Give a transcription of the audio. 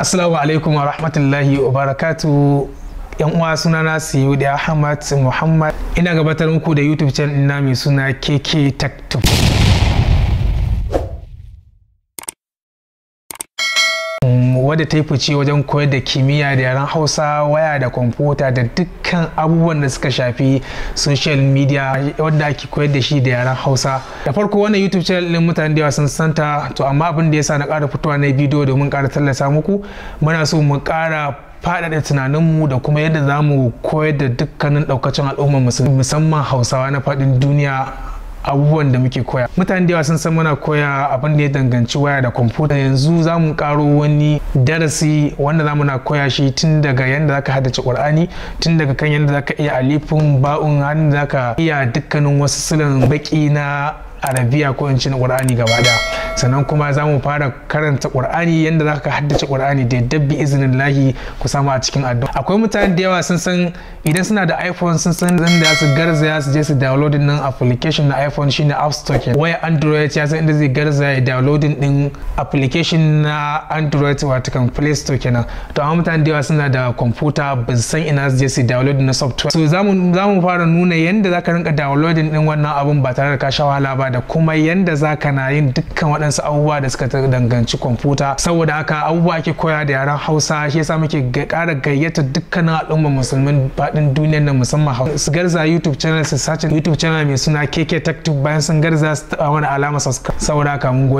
Assalamu alaikum wa rahmatullahi wa barakatu yan uwa sunana Siyudi Ahmad Muhammad ina gabatar muku da YouTube channel ina mai suna KK Tech mu wadda ta yi fice wajen koyar da kimiyya da yaren hausa waya da kwamfuta da dukkan abubuwan da suka shafi social media wadda ake koyar da shi da yaren hausa da farko wannan youtube channel din mutane da yawa sun santa to amma abin da ya sa na ƙara fitowa na bidiyo domin ƙara tallata muku muna so mu ƙara faɗaɗa tunaninmu da kuma yadda za mu koyar da dukkanin ɗaukacin al'umma musamman hausawa na faɗin duniya abubuwan da muke koya mutane da yawa sun san muna koya abin da ya danganci waya da kwamfuta yanzu za mu karo wani darasi wanda za muna koya shi tun daga yadda zaka haddace qur'ani tun daga kan yadda zaka iya alifin ba'un za zaka iya dukkanin wasu silan baƙi na arabiya ko in ce na qur'ani gaba daya sannan kuma za mu fara karanta qur'ani yadda za ka haddace qur'ani da dabbi izinin lahi ku samu a cikin addu'a akwai mutane da yawa sun san idan suna da iphone sun san zan da su garzaya su je su downloading nan application na iphone shine app store waya android ya san inda zai garzaya ya downloading din application na android wato kan play store kenan to amma mutane da yawa suna da computer ba su san ina su je su downloading na software so za mu fara nuna yadda za ka rinka downloading din wannan abun ba tare da ka sha wahala ba da kuma yadda za ka na yin dukkan waɗansu waɗansu abubuwa da suka danganci kwamfuta saboda haka abubuwa ke koya da yaran hausa shi yasa muke ƙara gayyata dukkanin al'ummar musulmin faɗin duniyar nan musamman hausa. su garza youtube channel su sace youtube channel mai suna keke tactic bayan sun garza su taɓa mana alama subscribe saboda haka mun gode